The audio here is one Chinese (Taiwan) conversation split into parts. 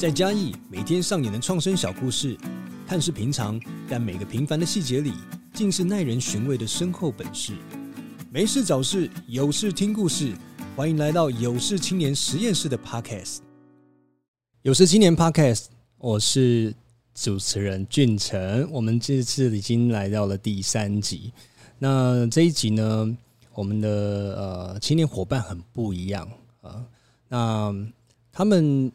在嘉義每天上演的創生小故事，看似平常，但每個平凡的細節裡，竟是耐人尋味的深厚本事。沒事找事，有事聽故事，歡迎來到有事青年實驗室的 Podcast。有事青年 Podcast，我是主持人峻丞，我們這次已經來到了第三集。那這一集呢，我們的呃青年夥伴很不一樣啊，那、呃、他們。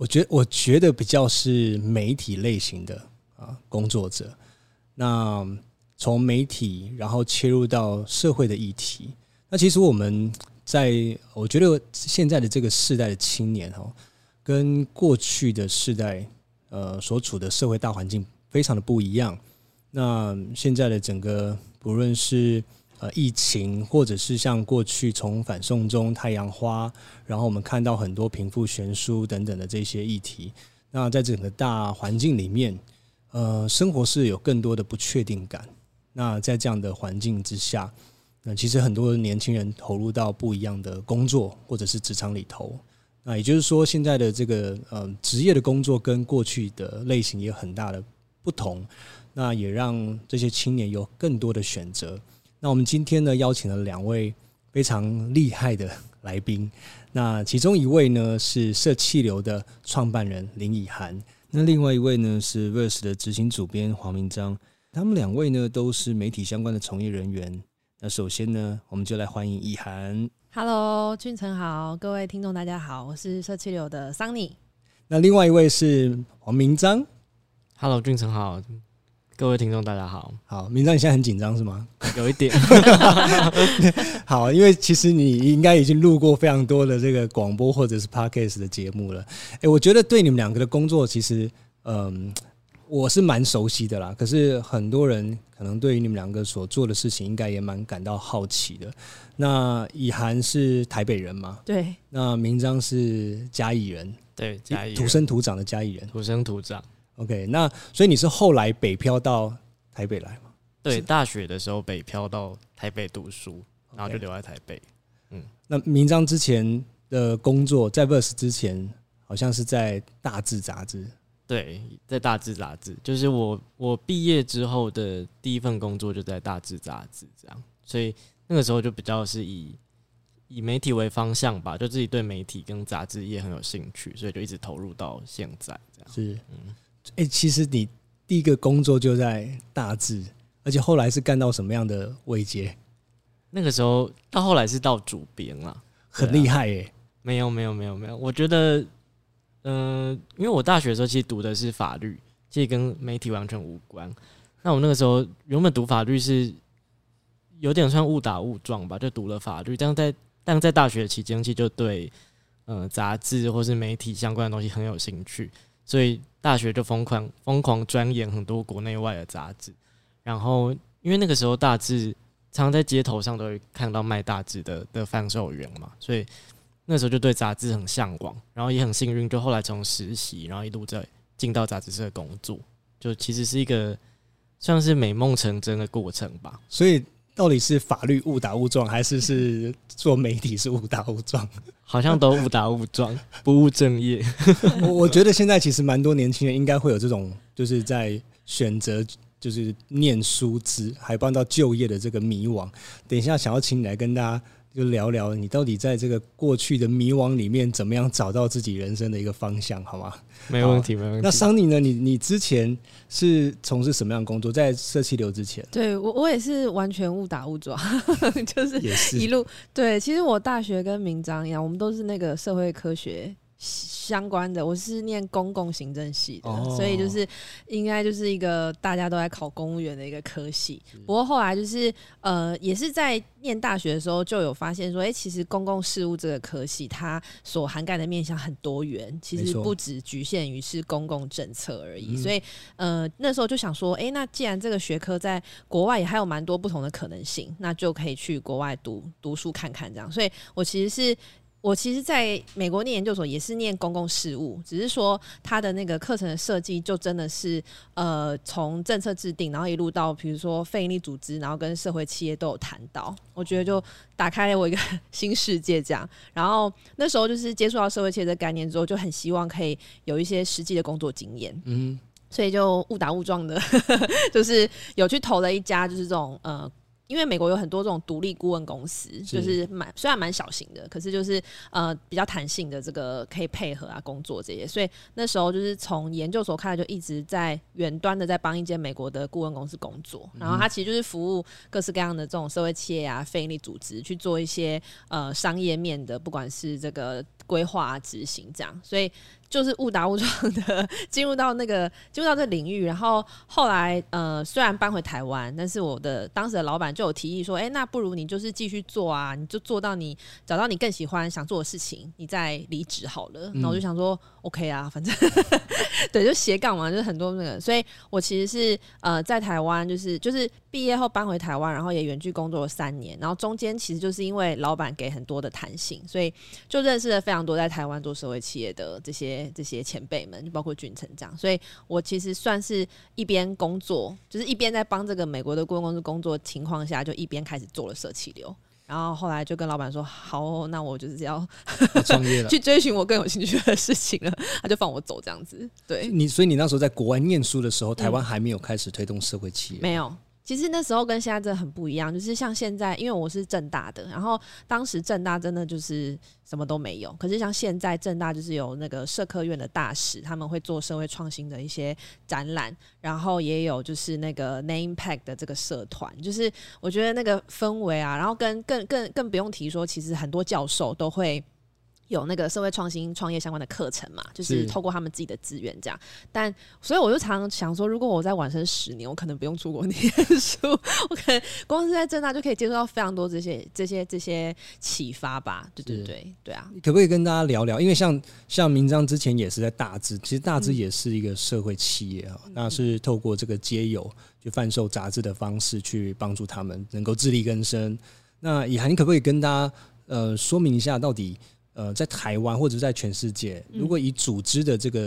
我覺我覺得比較是媒體類型的啊工作者，那從媒體然後切入到社會的議題，那其實我們在我覺得現在的這個世代的青年哦，跟過去的世代呃所處的社會大環境非常的不一樣，那現在的整個不論是。呃，疫情，或者是像過去從《反送中》《太陽花》，然後我們看到很多貧富懸殊等等的這些議題。那在整個大環境裡面，呃，生活是有更多的不確定感。那在這樣的環境之下，那，呃，其實很多的年輕人投入到不一樣的工作，或者是職場裡頭。那也就是說，現在的這個呃職業的工作跟過去的類型也有很大的不同，那也讓這些青年有更多的選擇。那我們今天呢，邀請了兩位非常厲害的來賓。那其中一位呢是社企流的創辦人林以涵，那另外一位呢是 Verse 的執行主編黃銘彰。他們兩位呢都是媒體相關的從業人員。那首先呢，我們就來歡迎以涵。Hello，峻丞好，各位聽眾大家好，我是社企流的 Sunny。那另外一位是黃銘彰。Hello，峻丞好。各位聽眾，大家好。好，銘彰，你現在很緊張是嗎？有一點。 好，因為其實你應該已經錄過非常多的這個廣播或者是 Podcast 的節目了。誒、欸，我覺得對你們兩個的工作，其實嗯，我是蠻熟悉的啦。可是很多人可能對於你們兩個所做的事情，應該也蠻感到好奇的。那以涵是台北人嗎？對。那銘彰是嘉義人？對，嘉義土生土長的嘉義人，土生土長。OK，那所以你是後來北漂到台北來嗎？對，的大學的時候北漂到台北讀書，然後就留在台北。Okay. 嗯，那銘彰之前的工作在 VERSE 之前，好像是在大志雜誌。對，在大志雜誌，就是我我畢業之後的第一份工作就在大志雜誌這樣，所以那個時候就比較是以以媒體為方向吧，就自己對媒體跟雜誌業很有興趣，所以就一直投入到現在這樣。是，嗯。誒、欸，其實你第一個工作就在雜誌，而且後來是幹到什麼樣的位階？那個時候到後來是到主編了，很厲害耶！欸啊！沒有沒有沒有沒有，我覺得，呃，因為我大學的時候其實讀的是法律，其實跟媒體完全無關。那我那個時候原本讀法律是有點算誤打誤撞吧，就讀了法律。但在但在大學期間，其實就對嗯、呃、雜誌或是媒體相關的東西很有興趣。所以大學就瘋狂瘋狂鑽研很多國內外的雜誌，然後因為那個時候大志常常在街頭上都會看到賣大誌的的販售員嘛，所以那時候就對雜誌很向往，然後也很幸運，就後來從實習，然後一路在進到雜誌社工作，就其實是一個算是美夢成真的過程吧。所以。到底是法律誤打誤撞，還是是做媒體是誤打誤撞？好像都誤打誤撞， 不務正業。 我覺得現在其實蠻多年輕人應該會有這種，就是在選擇就是念書之，還幫到就業的這個迷惘。等一下想要請你來跟大家。就聊聊你到底在這個過去的迷惘裡面，怎麼樣找到自己人生的一個方向，好嗎？沒問題，好沒問題。那桑尼呢？你你之前是從事什麼樣的工作？在社企流之前。對，我我也是完全誤打誤撞， 就是一路是對。其實我大學跟銘彰一樣，我們都是那個社會科學。相關的，我是念公共行政系的，哦、所以就是應該就是一個大家都在考公務員的一個科系。是 不過後來就是呃，也是在念大學的時候就有發現說，哎、欸，其實公共事務這個科系它所涵蓋的面向很多元，其實不只局限於是公共政策而已。錯嗯、所以呃，那時候就想說，哎、欸，那既然這個學科在國外也還有蠻多不同的可能性，那就可以去國外讀讀書看看這樣。所以我其實是。我其實在美國念研究所也是念公共事務，只是說他的那個課程的設計就真的是呃，從政策制定，然後一路到比如說非營利組織，然後跟社會企業都有談到。我覺得就打開了我一個新世界這樣。然後那時候就是接觸到社會企業的概念之後，就很希望可以有一些實際的工作經驗。嗯，所以就誤打誤撞的， 就是有去投了一家就是這種呃。因為美國有很多這種獨立顧問公司，是就是蠻雖然蠻小型的，可是就是呃比較彈性的，這個可以配合啊工作這些。所以那時候就是從研究所看來，就一直在遠端的在幫一間美國的顧問公司工作，嗯、然後他其實就是服務各式各樣的這種社會企業啊、非營利組織，去做一些呃商業面的，不管是這個規劃、啊、執行這樣，所以。就是誤打誤撞的進入到那個進入到這個領域，然後後來呃，雖然搬回台灣，但是我的當時的老板就有提議說，哎、欸，那不如你就是繼續做啊，你就做到你找到你更喜歡想做的事情，你再離職好了。然後我就想說、嗯、，OK 啊，反正 對，就斜槓嘛，就是很多那個，所以我其實是呃在台灣就是就是。就是畢業後搬回台灣，然後也遠距工作了三年。然後中間其實就是因為老闆給很多的彈性，所以就認識了非常多在台灣做社會企業的這些這些前輩們，就包括峻丞這樣。所以我其實算是一邊工作，就是一邊在幫這個美國的顧問公司工作情況下，就一邊開始做了社企流。然後後來就跟老闆說：“好，那我就是要創、啊、業了， 去追尋我更有興趣的事情了。”他就放我走這樣子。對你，所以你那時候在國外念書的時候，台灣還沒有開始推動社會企業？嗯、沒有。其實那時候跟現在真的很不一樣，就是像現在，因為我是政大的，然後當時政大真的就是什麼都沒有。可是像現在政大就是有那個社科院的大使，他們會做社會創新的一些展覽，然後也有就是那個 Name Pack 的這個社團，就是我覺得那個氛圍啊，然後跟更更更不用提說，其實很多教授都會。有那個社會創新創業相關的課程嘛？就是透過他們自己的資源這樣。是但所以我就常常想說，如果我再晚生十年，我可能不用出國念書，我可能光是在政大就可以接受到非常多這些、這些、這些啟發吧？對對對是對啊！可不可以跟大家聊聊？因為像像銘彰之前也是在大誌，其實大誌也是一個社會企業啊、嗯喔。那是透過這個街友去販售雜誌的方式，去幫助他們能夠自力更生。那以涵，你可不可以跟大家呃說明一下到底？呃，在台灣或者在全世界，如果以組織的這個，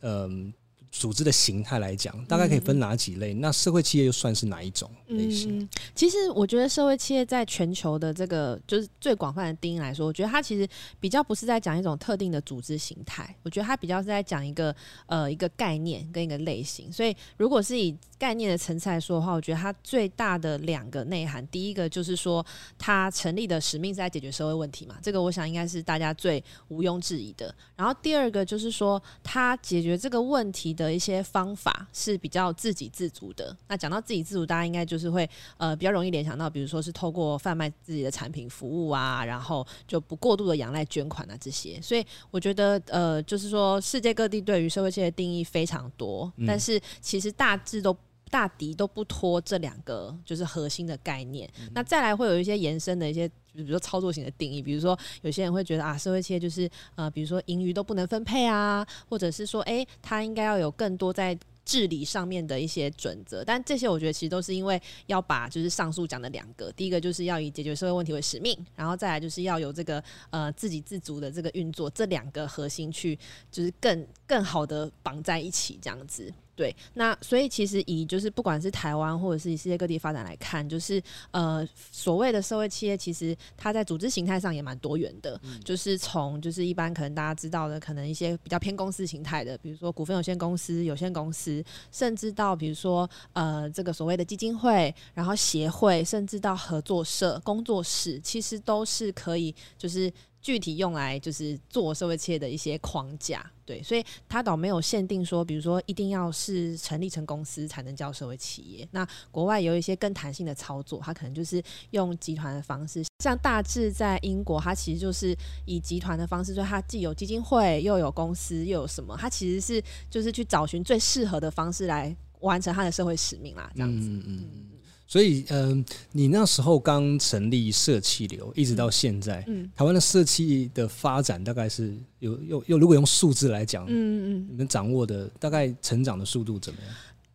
嗯，呃組織的形態來講，大概可以分哪幾類？那社會企業又算是哪一種類型？嗯，其實，我覺得社會企業在全球的這個就是最廣泛的定義來說，我覺得它其實比較不是在講一種特定的組織形態，我覺得它比較是在講一個呃一個概念跟一個類型。所以，如果是以概念的層次來說的話，我覺得它最大的兩個內涵，第一個就是說它成立的使命是在解決社會問題嘛，這個我想應該是大家最毋庸置疑的。然後第二個就是說它解決這個問題的。一些方法是比較自給自足的。那講到自給自足，大家應該就是會呃比較容易聯想到，比如說是透過販賣自己的產品服務啊，然後就不過度的仰賴捐款啊這些。所以我覺得呃，就是說世界各地對於社會企業的定義非常多，嗯、但是其實大致都大抵都不脫這兩個就是核心的概念。嗯、那再來會有一些延伸的一些。就比如說操作型的定義，比如說有些人會覺得啊，社會企業就是呃，比如說盈餘都不能分配啊，或者是說誒，他、欸、應該要有更多在治理上面的一些準則。但這些我覺得其實都是因為要把就是上述講的兩個，第一個就是要以解決社會問題為使命，然後再來就是要有這個呃自給自足的這個運作，這兩個核心去就是更更好的綁在一起這樣子。對，那所以其實以就是不管是台灣，或者是以世界各地發展來看，就是呃所謂的社會企業，其實它在組織形態上也蠻多元的，嗯、就是從就是一般可能大家知道的，可能一些比較偏公司形態的，比如說股份有限公司、有限公司，甚至到比如說呃這個所謂的基金會，然後協會，甚至到合作社、工作室，其實都是可以就是。具體用來就是做社會企業的一些框架，對，所以他倒沒有限定說，比如說一定要是成立成公司才能叫社會企業。那國外有一些更彈性的操作，他可能就是用集團的方式，像大誌在英國，他其實就是以集團的方式，說他既有基金會，又有公司，又有什麼，他其實是就是去找尋最適合的方式來完成他的社會使命啦，這樣子。嗯嗯所以，嗯、呃，你那時候剛成立社企流，一直到現在，嗯，嗯台灣的社企的發展大概是有、有、有，如果用數字來講，嗯嗯你們掌握的大概成長的速度怎麼樣？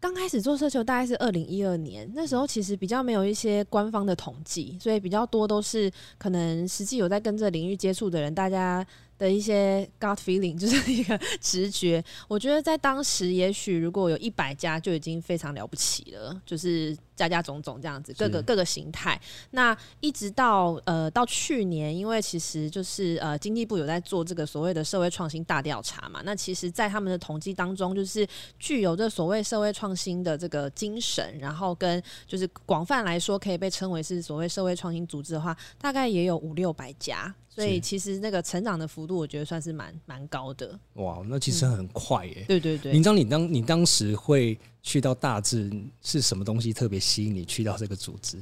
剛、嗯嗯、開始做社企大概是二零一二年，那時候其實比較沒有一些官方的統計，所以比較多都是可能實際有在跟這領域接觸的人，大家。的一些 gut feeling 就是一個直覺，我覺得在當時，也許如果有一百家就已經非常了不起了，就是加加總總這樣子，各個是各個形態。那一直到呃到去年，因為其實就是呃經濟部有在做這個所謂的社會創新大調查嘛，那其實，在他們的統計當中，就是具有這所謂社會創新的這個精神，然後跟就是廣泛來說可以被稱為是所謂社會創新組織的話，大概也有五六百家。所以其實那個成長的幅度，我覺得算是蠻蠻高的。哇，那其實很快耶！嗯、對對對，銘彰，你當你當時會去到雜誌，是什麼東西特別吸引你去到這個組織？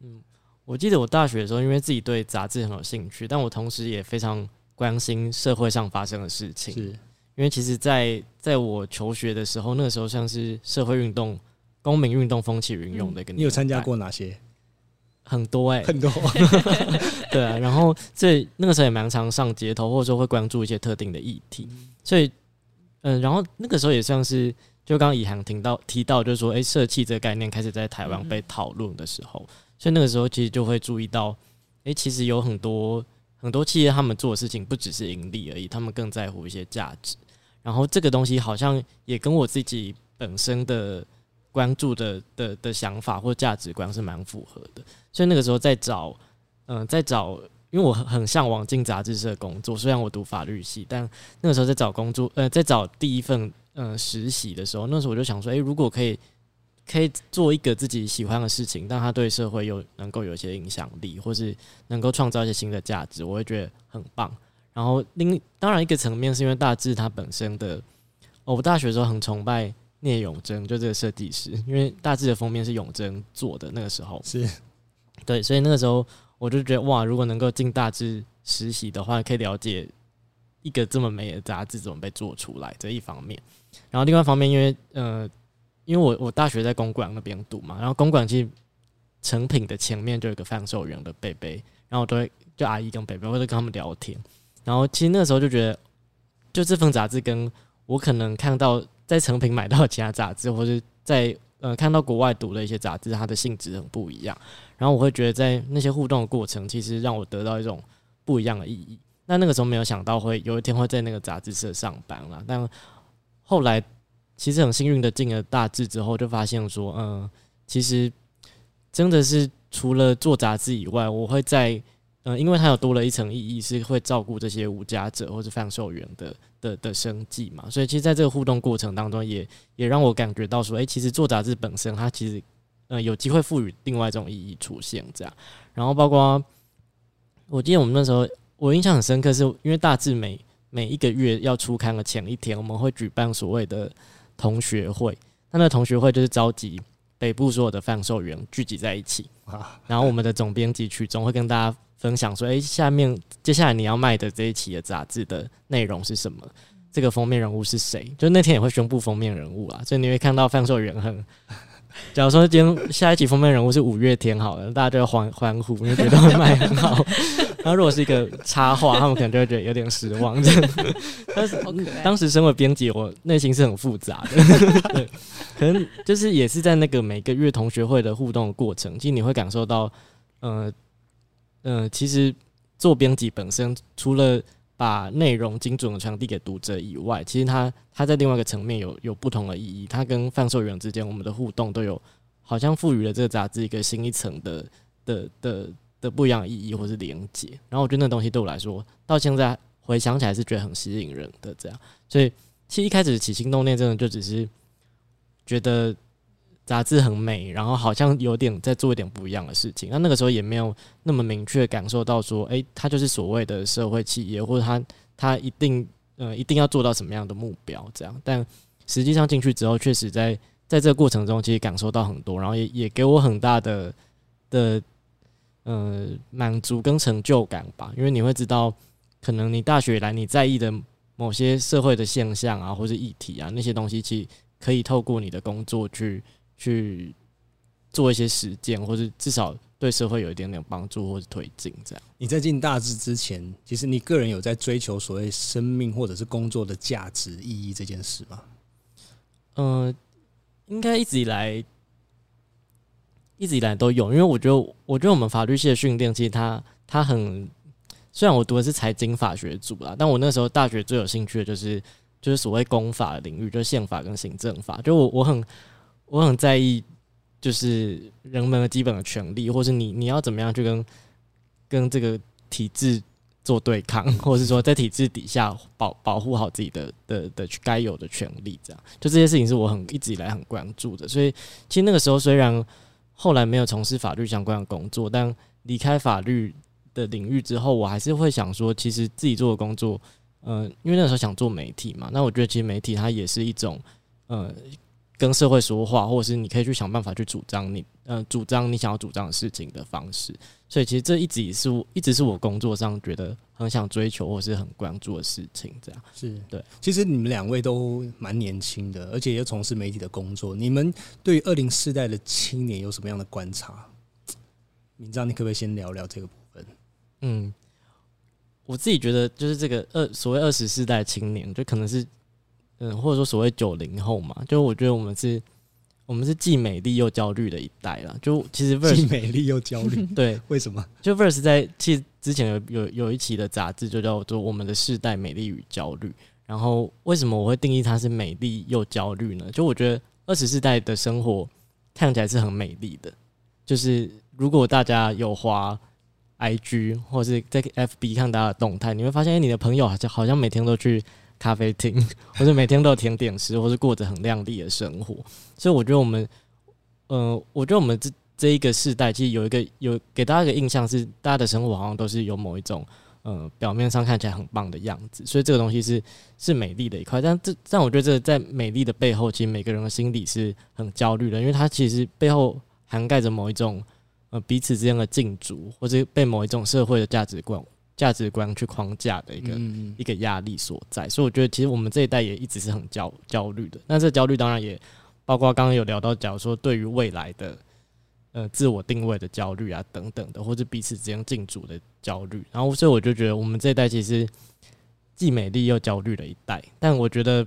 嗯，我記得我大學的時候，因為自己對雜誌很有興趣，但我同時也非常關心社會上發生的事情。是，因為其實在，在在我求學的時候，那個時候像是社會運動、公民運動風起雲湧的一個、嗯，你有參加過哪些？很多誒、欸，很多 對啊。然後所以那個時候也蠻常上街頭，或者說會關注一些特定的議題。嗯嗯、所以嗯、呃，然後那個時候也算是，就剛剛以涵提到提到，就是說，哎，社企這個概念開始在台灣被討論的時候。嗯嗯、所以那個時候其實就會注意到，哎，其實有很多很多企業他們做的事情不只是盈利而已，他們更在乎一些價值。然後這個東西好像也跟我自己本身的關注的的的想法或價值觀是蠻符合的。所以那個時候在找，嗯、呃，在找，因為我很嚮往進雜誌社工作。雖然我讀法律系，但那個時候在找工作，呃，在找第一份，嗯、呃，實習的時候，那時候我就想說，誒、欸，如果可以，可以做一個自己喜歡的事情，但他對社會又能夠有一些影響力，或是能夠創造一些新的價值，我會覺得很棒。然後另，當然一個層面是因為大誌他本身的，我大學的時候很崇拜聶永真，就這個設計師，因為大誌的封面是永真做的。那個時候是。對，所以那個時候我就覺得哇，如果能夠進大誌實習的話，可以了解一個這麼美的雜誌怎麼被做出來這一方面。然後另外一方面，因為呃，因為我我大學在公館那邊讀嘛，然後公館其實成品的前面就有一個販售員的伯伯，然後我都會就阿姨跟伯伯或者跟他們聊天。然後其實那個時候就覺得，就這份雜誌跟我可能看到在成品買到其他雜誌，或者是在。嗯、呃，看到國外讀的一些雜誌，它的性質很不一樣。然後我會覺得，在那些互動的過程，其實讓我得到一種不一樣的意義。那那個時候沒有想到，會有一天會在那個雜誌社上班了。但後來其實很幸運的進了大志之後，就發現說，嗯、呃，其實真的是除了做雜誌以外，我會在，嗯、呃，因為它有多了一層意義，是會照顧這些無家者或是販售員的。的的生計嘛，所以其實在這個互動過程當中也，也也讓我感覺到說，哎、欸，其實做雜誌本身，它其實，嗯、呃，有機會賦予另外一種意義出現這樣。然後包括，我記得我們那時候，我印象很深刻，是因為大致每每一個月要出刊的前一天，我們會舉辦所謂的同學會。那那同學會就是召集北部所有的販售員聚集在一起，然後我們的總編輯區總會跟大家分享說：“哎、欸，下面接下來你要賣的這一期的雜誌的內容是什麼？這個封面人物是誰？就那天也會宣布封面人物啊，所以你會看到販售員很，假如說今天下一期封面人物是五月天，好了，大家就要歡歡呼，因為覺得會賣很好。那 如果是一個插畫，他們可能就會覺得有點失望。 但是當時身為編輯，我內心是很複雜的。 可能就是也是在那個每個月同學會的互動的過程，其實你會感受到，呃。”嗯、呃，其實做編輯本身，除了把內容精準的傳遞給讀者以外，其實他他在另外一個層面有有不同的意義。他跟販售員之間，我們的互動都有好像賦予了這個雜誌一個新一層的的的的不一樣的意義，或是連接。然後我覺得那東西對我來說，到現在回想起來是覺得很吸引人的這樣。所以其實一開始起心動念，真的就只是覺得。雜誌很美，然後好像有點在做一點不一樣的事情。那那個時候也沒有那麼明確感受到說，哎、欸，他就是所謂的社會企業，或者他他一定呃一定要做到什麼樣的目標這樣。但實際上進去之後，確實在在這個過程中，其實感受到很多，然後也也給我很大的的嗯滿足跟成就感吧。因為你會知道，可能你大學來你在意的某些社會的現象啊，或是議題啊，那些東西，其實可以透過你的工作去。去做一些實踐，或者至少對社會有一點點幫助或者推進這樣。你在進大誌之前，其實你個人有在追求所謂生命或者是工作的價值意義這件事嗎？嗯、呃，應該一直以來，一直以來都有。因為我覺得，我覺得我們法律系的訓練，其實它它很……雖然我讀的是財經法學組啦，但我那時候大學最有興趣的就是就是所謂公法的領域，就是憲法跟行政法。就我我很。我很在意，就是人們的基本的權利，或是你你要怎麼樣去跟跟這個體制做對抗，或是說在體制底下保保護好自己的的的該有的權利，這樣就這些事情是我很一直以來很關注的。所以，其實那個時候雖然後來沒有從事法律相關的工作，但離開法律的領域之後，我還是會想說，其實自己做的工作，嗯、呃，因為那個時候想做媒體嘛，那我覺得其實媒體它也是一種，呃。跟社會說話，或者是你可以去想辦法去主張你，嗯、呃，主張你想要主張的事情的方式。所以其實這一直也是，一直是我工作上覺得很想追求或是很關注的事情。這樣是對。其實你們兩位都蠻年輕的，而且又從事媒體的工作，你們對於二十世代的青年有什麼樣的觀察？銘彰，你可不可以先聊聊這個部分？嗯，我自己覺得就是這個二所謂二十世代青年，就可能是。嗯，或者說所謂九零後嘛，就我覺得我們是，我們是既美麗又焦慮的一代啦。就其實 VERSE, 既美麗又焦慮， 對，為什麼？就 VERSE 在其實之前有有有一期的雜誌就叫做《我們的世代：美麗與焦慮》。然後為什麼我會定義它是美麗又焦慮呢？就我覺得二十世代的生活看起來是很美麗的，就是如果大家有滑 IG 或者是在 FB 看大家的動態，你會發現，誒，你的朋友好像好像每天都去咖啡廳，或是每天都有甜點吃， 或者過着很亮麗的生活，所以我覺得我們，呃，我覺得我們這這一個世代，其實有一個有給大家一個印象是，大家的生活好像都是有某一種，呃，表面上看起來很棒的樣子，所以這個東西是是美麗的一塊，但這但我覺得這在美麗的背後，其實每個人的心裡是很焦慮的，因為它其實背後涵蓋着某一種，呃，彼此之間的競逐，或者被某一種社會的價值觀。價值觀去框架的一個嗯嗯，一個壓力所在，所以我覺得其實我們這一代也一直是很焦焦慮的。那這個焦慮當然也包括剛剛有聊到，假如說對於未來的呃自我定位的焦慮啊等等的，或者彼此之間競逐的焦慮。然後所以我就覺得我們這一代其實既美麗又焦慮的一代。但我覺得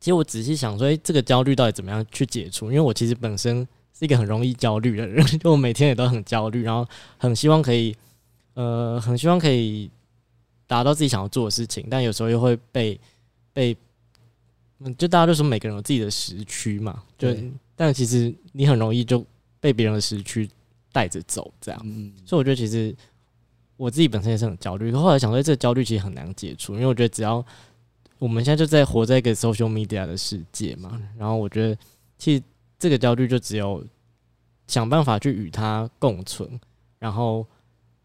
其實我仔細想說，誒、欸，這個焦慮到底怎麼樣去解除？因為我其實本身是一個很容易焦慮的人，就我每天也都很焦慮，然後很希望可以。呃，很希望可以達到自己想要做的事情，但有時候又會被被，就大家都說每個人有自己的時區嘛，就對 但其實你很容易就被別人的時區帶着走，這樣。嗯，所以我覺得其實我自己本身也是很焦慮，後來想說這個焦慮其實很難解除，因為我覺得只要我們現在就在活在一個 social media 的世界嘛，然後我覺得其實這個焦慮就只有想辦法去與它共存，然後。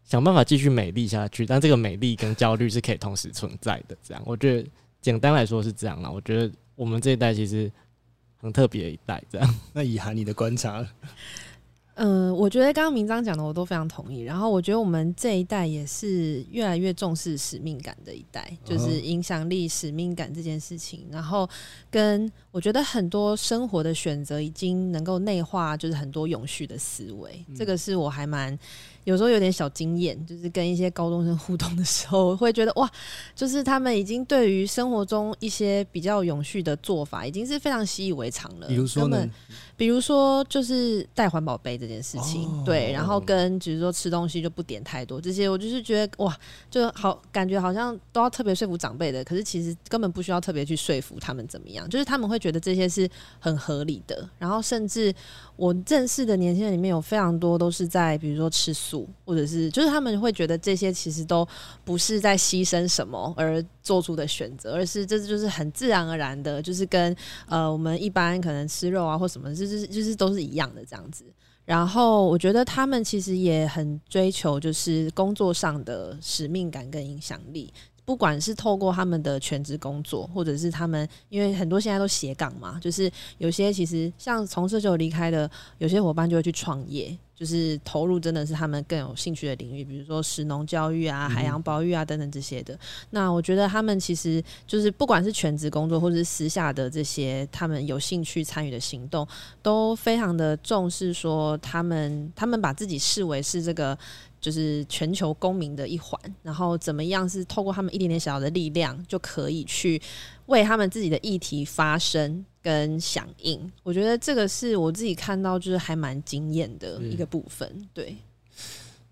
想辦法繼續美麗下去，但這個美麗跟焦慮是可以同時存在的。這樣，我覺得簡單來說是這樣啦，我覺得我們這一代其實很特別的一代，這樣。那以涵你的觀察，嗯、呃，我覺得剛剛銘彰講的我都非常同意。然後我覺得我們這一代也是越來越重視使命感的一代，就是影響力、使命感這件事情。然後跟我覺得很多生活的選擇已經能夠內化，就是很多永續的思維。嗯、這個是我還蠻。有時候有點小經驗，就是跟一些高中生互動的時候，我會覺得哇，就是他們已經對於生活中一些比較永續的做法，已經是非常習以為常了。比如說比如說就是帶環保杯這件事情，哦、對，然後跟只是說吃東西就不點太多這些，我就是覺得哇，就好感覺好像都要特別說服長輩的，可是其實根本不需要特別去說服他們怎麼樣，就是他們會覺得這些是很合理的。然後甚至我認識的年輕人裡面有非常多都是在比如說吃素。或者是，就是他們會覺得這些其實都不是在犧牲什麼而做出的選擇，而是這就是很自然而然的，就是跟呃我們一般可能吃肉啊或什麼，就是、就是、就是都是一樣的這樣子。然後我覺得他們其實也很追求，就是工作上的使命感跟影響力，不管是透過他們的全職工作，或者是他們因為很多現在都斜槓嘛，就是有些其實像從社企流離開的有些夥伴就會去創業。就是投入真的是他們更有興趣的領域，比如說食農教育啊、海洋保育啊等等這些的。嗯、那我覺得他們其實就是不管是全職工作或者是私下的這些他們有興趣參與的行動，都非常的重視說他們他們把自己視為是這個就是全球公民的一環，然後怎麼樣是透過他們一點點小小的力量就可以去為他們自己的議題發聲跟響應，我覺得這個是我自己看到，就是還蠻驚艷的一個部分。嗯、對，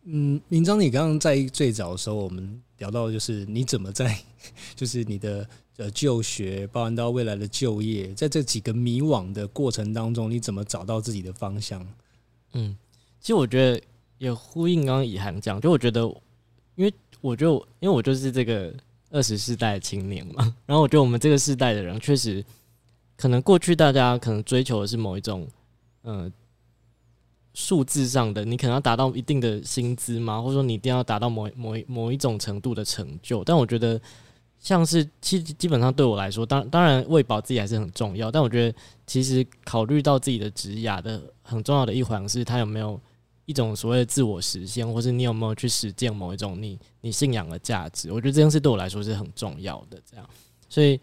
嗯，銘彰，你剛剛在最早的時候，我們聊到就是你怎麼在，就是你的呃就學，包含到未來的就業，在這幾個迷惘的過程當中，你怎麼找到自己的方向？嗯，其實我覺得也呼應剛剛以涵講，就我覺得，因為我就，因為我就是這個二十世代的青年嘛，然後我覺得我們這個世代的人確實。可能過去大家可能追求的是某一種，嗯、呃，數字上的，你可能要達到一定的薪資嘛，或者說你一定要達到某某一某一種程度的成就。但我覺得，像是其實基本上對我來說，當當然餵飽自己還是很重要。但我覺得，其實考慮到自己的職涯的很重要的一環，是他有沒有一種所謂的自我實現，或是你有沒有去實踐某一種你你信仰的價值。我覺得這件事對我來說是很重要的。這樣，所以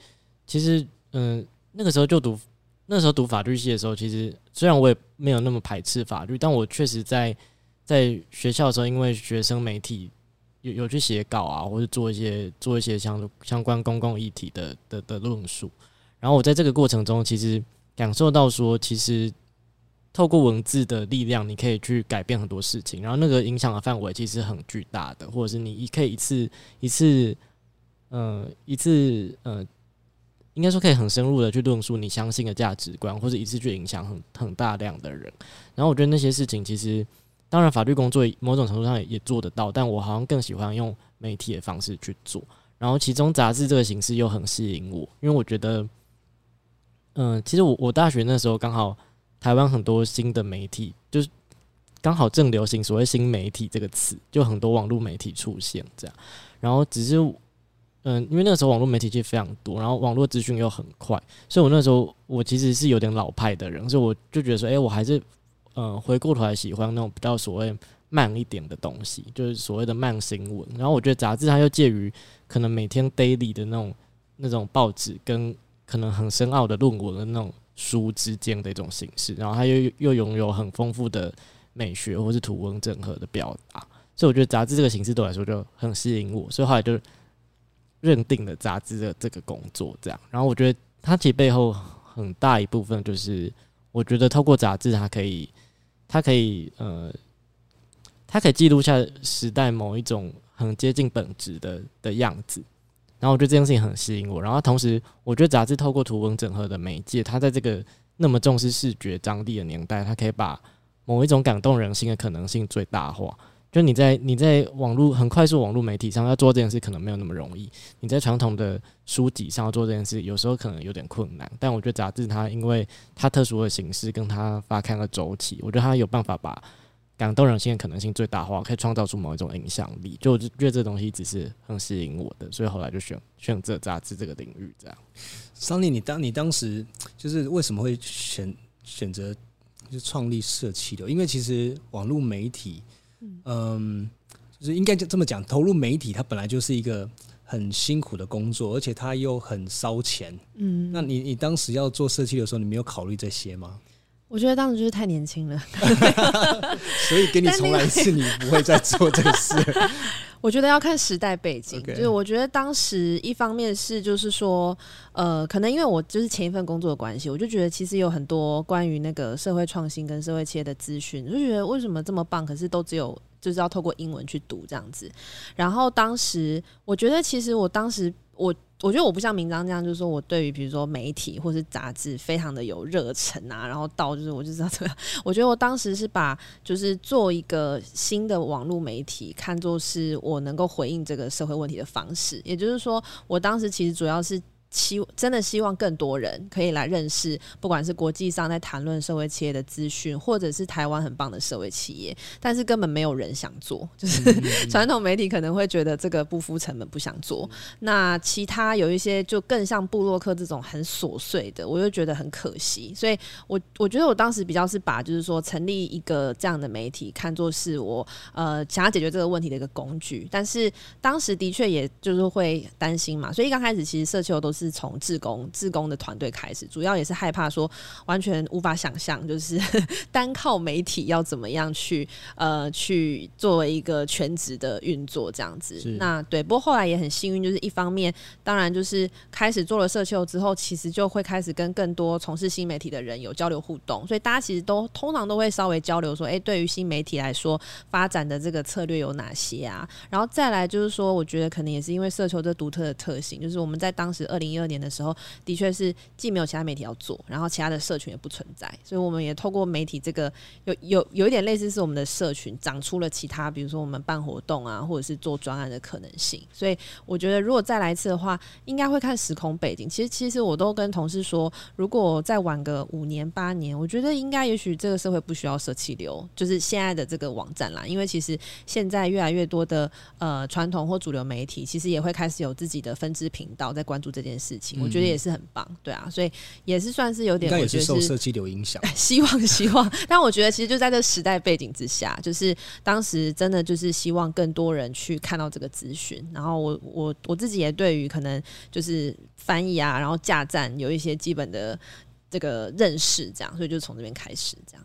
其實嗯。呃那個時候就讀，那時候讀法律系的時候，其實雖然我也沒有那麼排斥法律，但我確實在在學校的時候，因為學生媒體有有去寫稿啊，或者做一些做一些相相關公共議題的的的論述。然後我在這個過程中，其實感受到說，其實透過文字的力量，你可以去改變很多事情。然後那個影響的範圍其實很巨大的，或者是你一可以一次一次，嗯、呃、一次嗯。呃應該說，可以很深入的去論述你相信的價值觀，或者一直去影響很很大量的人。然後我覺得那些事情其實，當然法律工作某種程度上也，也做得到，但我好像更喜歡用媒體的方式去做。然後其中雜誌這個形式又很吸引我，因為我覺得，嗯、呃，其實我我大學那時候剛好台灣很多新的媒體，就是剛好正流行所謂新媒體這個詞，就很多網絡媒體出現這樣。然後只是。嗯，因為那個時候網絡媒體其實非常多，然後網絡資訊又很快，所以我那時候我其實是有點老派的人，所以我就覺得說，誒、欸，我還是，嗯、呃，回過頭來喜歡那種比較所謂慢一點的東西，就是所謂的慢新聞。然後我覺得雜誌它又介於可能每天 daily 的那種那種報紙跟可能很深奧的論文的那種書之間的一種形式，然後它又又擁有很豐富的美學或者是圖文整合的表達，所以我覺得雜誌這個形式對我來說就很吸引我，所以後來就。認定了雜誌的這個工作，這樣，然後我覺得它其實背後很大一部分就是，我覺得透過雜誌，它可以，它可以，呃，它可以記錄下時代某一種很接近本質的的樣子。然後我覺得這件事情很吸引我。然後同時，我覺得雜誌透過圖文整合的媒介，它在這個那麼重視視覺張力的年代，它可以把某一種感動人心的可能性最大化。就你在你在網絡很快速網絡媒體上要做這件事，可能沒有那麼容易。你在傳統的書籍上要做這件事，有時候可能有點困難。但我覺得雜誌它因為它特殊的形式跟它發刊的周期，我覺得它有辦法把感動人心的可能性最大化，可以創造出某一種影響力。就我覺得這東西只是很吸引我的，所以後來就選選擇雜誌這個領域。這樣，Sunny，你當你當時就是為什麼會選選擇就創立社企流？因為其實網絡媒體。嗯，嗯，就是應該就這麼講，投入媒體它本來就是一個很辛苦的工作，而且它又很燒錢。嗯，那你你當時要做社區的時候，你沒有考慮這些嗎？我覺得當時就是太年輕了， 所以給你重來一次，你不會再做這個事。 我覺得要看時代背景，Okay. 就是我覺得當時一方面是就是說，呃，可能因為我就是前一份工作的關係，我就覺得其實有很多關於那個社會創新跟社會企業的資訊，我就覺得為什麼這麼棒，可是都只有就是要透過英文去讀這樣子。然後當時我覺得其實我當時。我我覺得我不像銘彰這樣，就是說我對於比如說媒體或是雜誌非常的有熱忱啊，然後到就是我就知道這個，我覺得我當時是把就是做一個新的網絡媒體看作是我能夠回應這個社會問題的方式，也就是說，我當時其實主要是。希真的希望更多人可以來認識，不管是國際上在談論社會企業的資訊，或者是台灣很棒的社會企業，但是根本沒有人想做，就是傳、嗯嗯嗯、 統媒體可能會覺得這個不敷成本不想做。嗯、那其他有一些就更像部落客這種很瑣碎的，我就覺得很可惜。所以我我覺得我當時比較是把就是說成立一個這樣的媒體，看作是我呃想要解決這個問題的一個工具。但是當時的確也就是會擔心嘛，所以一剛開始其實社群都是。是從志工、志工的團隊開始，主要也是害怕說完全無法想象，就是呵呵單靠媒體要怎麼樣去呃去作為一個全職的運作這樣子。是那對，不過後來也很幸運，就是一方面當然就是開始做了社企流之後，其實就會開始跟更多從事新媒體的人有交流互動，所以大家其實都通常都會稍微交流說，哎、欸，對於新媒體來說發展的這個策略有哪些啊？然後再來就是說，我覺得可能也是因為社企流這獨特的特性，就是我們在當時二零。一二年的時候，的確是既沒有其他媒體要做，然後其他的社群也不存在，所以我們也透過媒體這個有有有一點類似是我們的社群長出了其他，比如說我們辦活動啊，或者是做專案的可能性。所以我覺得如果再來一次的話，應該會看時空背景。其實其實我都跟同事說，如果再晚個五年八年，我覺得應該也許這個社會不需要社企流，就是現在的這個網站啦，因為其實現在越來越多的呃傳統或主流媒體，其實也會開始有自己的分支頻道在關注這件事。事情我覺得也是很棒，對啊，所以也是算是有點也是受社企流影響，希望希望。但我覺得其實就在這時代背景之下，就是當時真的就是希望更多人去看到這個資訊。然後我我我自己也對於可能就是翻譯啊，然後架站有一些基本的這個認識，這樣，所以就從這邊開始這樣。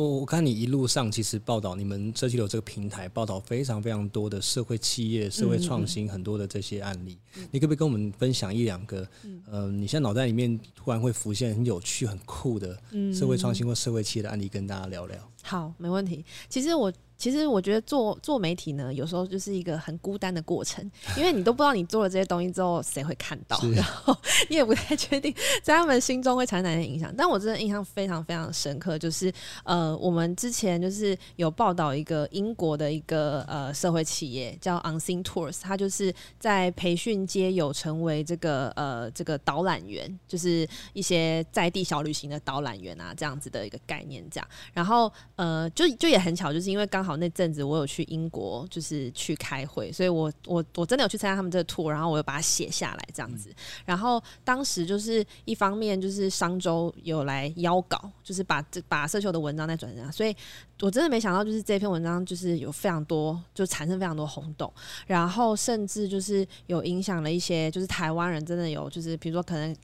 我我看你一路上其實報道你們社企流這個平台，報道非常非常多的社會企業、社會創新很多的這些案例。嗯嗯、你可不可以跟我們分享一兩個？嗯，呃、你現在腦袋裡面突然會浮現很有趣、很酷的社會創新或社會企業的案例，跟大家聊聊、嗯。好，沒問題。其實我。其實我覺得做做媒體呢，有時候就是一個很孤單的過程，因為你都不知道你做了這些東西之後誰會看到，是然後你也不太確定在他們心中會產生哪些影響。但我真的印象非常非常深刻，就是呃，我們之前就是有報道一個英國的一個呃社會企業叫 Unseen Tours，他就是在培訓街友成為這個呃這個導覽員，就是一些在地小旅行的導覽員啊這樣子的一個概念這樣。然後呃，就就也很巧，就是因為剛好，那陣子我有去英國，就是去開會，所以我我我真的有去參加他們這個 talk，然後我有把它寫下來這樣子。嗯、然後當時就是一方面就是商周有來邀稿，就是把這把社求的文章再轉上。所以我真的沒想到，就是這篇文章就是有非常多，就產生非常多轟動，然後甚至就是有影響了一些，就是台灣人真的有就是比如說可能。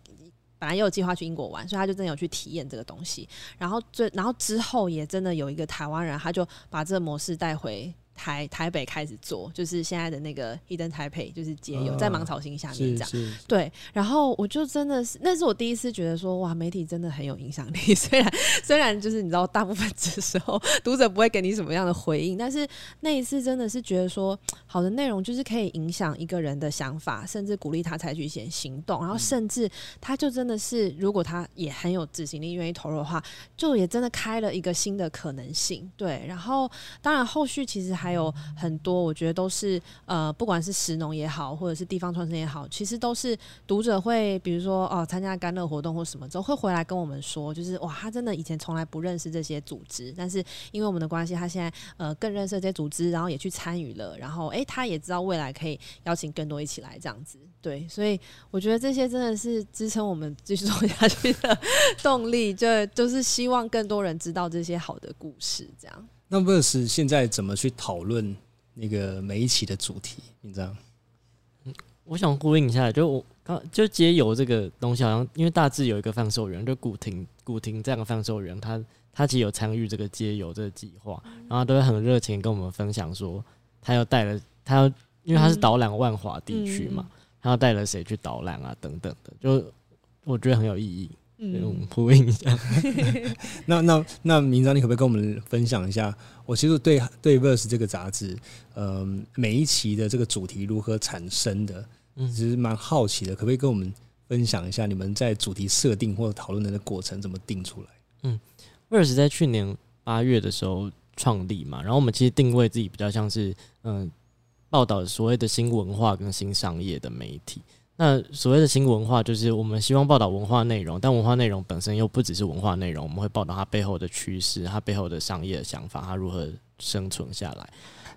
本來也有計劃去英國玩，所以他就真的有去體驗這個東西。然後最，然後之後也真的有一個台灣人，他就把這個模式帶回。台台北開始做，就是現在的那個 Hidden Taipei，就是街友、哦、在芒草心下面這樣。對，然後我就真的是那是我第一次覺得說，哇，媒體真的很有影響力。雖然雖然就是你知道，大部分這時候讀者不會給你什麼樣的回應，但是那一次真的是覺得說，好的內容就是可以影響一個人的想法，甚至鼓勵他採取一些行動。然後甚至他就真的是，如果他也很有執行力，願意投入的話，就也真的開了一個新的可能性。對，然後當然後續其實還。還有很多，我覺得都是呃，不管是食農也好，或者是地方創生也好，其實都是讀者會，比如說哦，參加甘樂活動或什麼之後，會回來跟我們說，就是哇，他真的以前從來不認識這些組織，但是因為我們的關係，他現在呃更認識這些組織，然後也去參與了，然後哎、欸，他也知道未來可以邀請更多一起來這樣子。對，所以我覺得這些真的是支撐我們繼續走下去的 動力，就都是希望更多人知道這些好的故事，這樣。那 VERSE，現在怎麼去討論那個每一期的主題？你知道？嗯，我想呼應一下，就我剛就街遊這個東西，好像因為大致有一個販售員，就古亭古亭這樣的販售員，他他其實有參與這個街遊這個計劃，然後他都會很熱情跟我們分享說他，他要帶了他要因為他是導覽萬華地區嘛，他要帶了誰去導覽啊等等的，就我覺得很有意義。嗯、我們呼應一下 那那那那銘彰，你可不可以跟我們分享一下？我其實對對 Verse 這個雜誌，嗯，每一期的這個主題如何產生的，嗯，其實蠻好奇的。可不可以跟我們分享一下？你們在主題設定或者討論的那過程怎麼定出來？嗯，Verse 在去年八月的時候創立嘛，然後我們其實定位自己比較像是嗯，報道所謂的新文化跟新商業的媒體。那所謂的新文化，就是我們希望報道文化內容，但文化內容本身又不只是文化內容，我們會報道它背後的趨勢，它背後的商業的想法，它如何生存下來。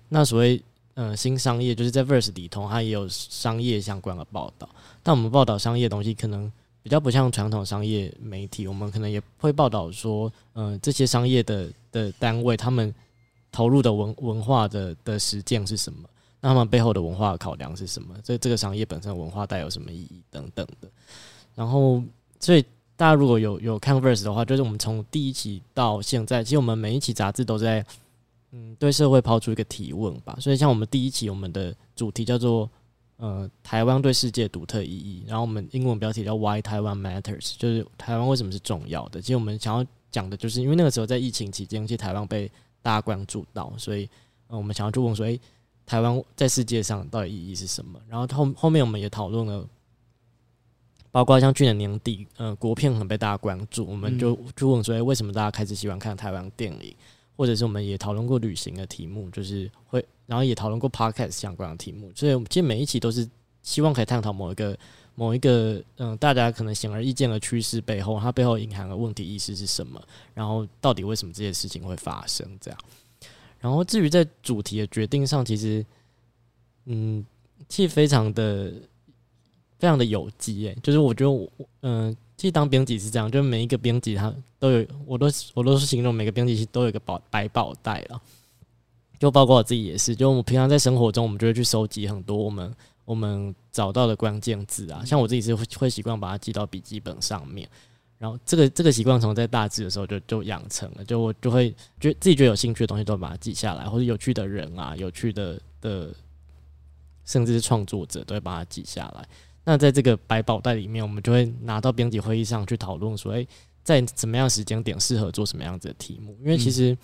那所謂嗯、呃、新商業，就是在 VERSE 裡頭，它也有商業相關的報道。但我們報道商業的東西，可能比較不像傳統商業媒體，我們可能也會報道說，嗯、呃、這些商業的的單位，他們投入的文文化的的實踐是什麼。那他們背後的文化的考量是什麼？這這個商業本身的文化帶有什麼意義等等的。然後，所以大家如果有有看 VERSE 的話，就是我們從第一期到現在，其實我們每一期雜誌都在嗯對社會拋出一個提問吧。所以像我們第一期，我們的主題叫做呃台灣對世界獨特意義，然後我們英文標題叫 Why Taiwan Matters，就是台灣為什麼是重要的。其實我們想要講的就是，因為那個時候在疫情期間，其實台灣被大家關注到，所以呃我們想要去問說，誒。台灣在世界上到底意義是什麼？然後後後面我們也討論了，包括像去年年底，嗯、呃，國片很被大家關注，我們就就問說，哎，為什麼大家開始喜歡看台灣電影？或者是我們也討論過旅行的題目，就是會，然後也討論過 podcast 相關的題目。所以，我們其實每一期都是希望可以探討某一個某一個，嗯、呃，大家可能顯而易見的趨勢背後，它背後隱含的問題意思是什麼？然後到底為什麼這些事情會發生？這樣。然後至於在主題的決定上，其實，嗯，其實非常的非常的有機誒、欸，就是我覺得我嗯、呃，其實當編輯是這樣，就是每一個編輯他都有，我都我都是形容每個編輯都有一個寶、百寶袋了，就包括我自己也是，就我們平常在生活中，我們就會去收集很多我們我們找到的關鍵字啊，嗯、像我自己是會會習慣把它記到筆記本上面。然後這個這個習慣從在大致的時候就就養成了，就我就會覺得自己覺得有興趣的東西都把它記下來，或者有趣的人啊、有趣的的，甚至是創作者都會把它記下來。那在這個百寶袋裡面，我們就會拿到編輯會議上去討論，說：誒，在什麼樣時間點適合做什麼樣子的題目？因為其實，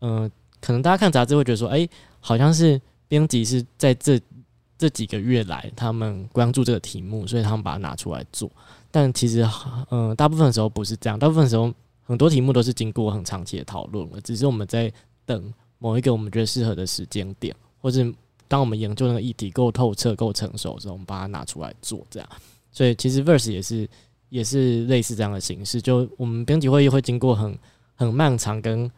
嗯、呃，可能大家看雜誌會覺得說：哎，好像是編輯是在這這幾個月來他們關注這個題目，所以他們把它拿出來做。但其實，嗯，大部分時候不是這樣。大部分時候，很多題目都是經過很長期的討論了。只是我們在等某一個我們覺得適合的時間點，或是當我們研究那個議題夠透徹、夠成熟之後，我們把它拿出來做。這樣，所以其實 VERSE 也是也是類似這樣的形式。就我們編輯會議會經過很很漫長跟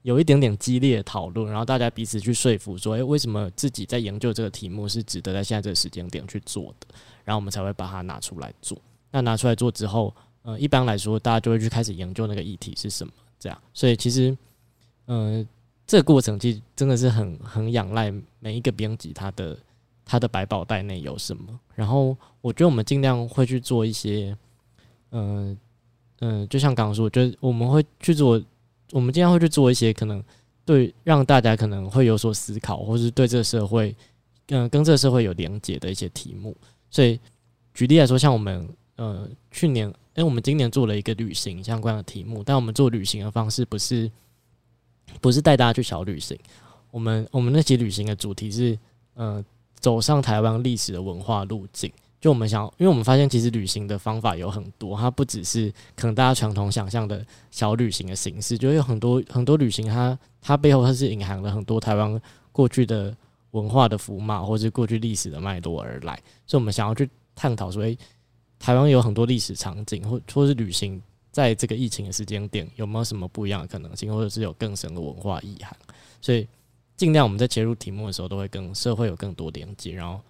有一點點激烈的討論，然後大家彼此去說服說：“誒，為什麼自己在研究這個題目是值得在現在這個時間點去做的？”然後我們才會把它拿出來做。那拿出來做之後，呃，一般來說大家就會去開始研究那個議題是什麼，這樣。所以其實，呃，這個過程其實真的是很很仰賴每一個編輯他的他的百寶袋內有什麼。然後我覺得我們盡量會去做一些，呃呃，就像剛剛說，我覺得我們會去做，我們盡量會去做一些可能對讓大家可能會有所思考，或是對這個社會，嗯，跟這個社會有連接的一些題目。所以舉例來說，像我們。呃，去年誒、欸，我們今年做了一個旅行相關的題目，但我們做旅行的方式不是不是帶大家去小旅行。我們我們那期旅行的主題是，嗯、呃，走上台灣歷史的文化路徑。就我們想，因為我們發現其實旅行的方法有很多，它不只是可能大家傳統想象的小旅行的形式，就有很多很多旅行它、它、它背後它是隱含了很多台灣過去的文化的符碼或者是過去歷史的脈絡而來。所以我們想要去探討說，欸台灣有很多歷史場景，或或是旅行，在這個疫情的時間點，有沒有什麼不一樣的可能性，或者是有更深的文化意涵？所以，盡量我們在切入題目的時候，都會跟社會有更多連接，然後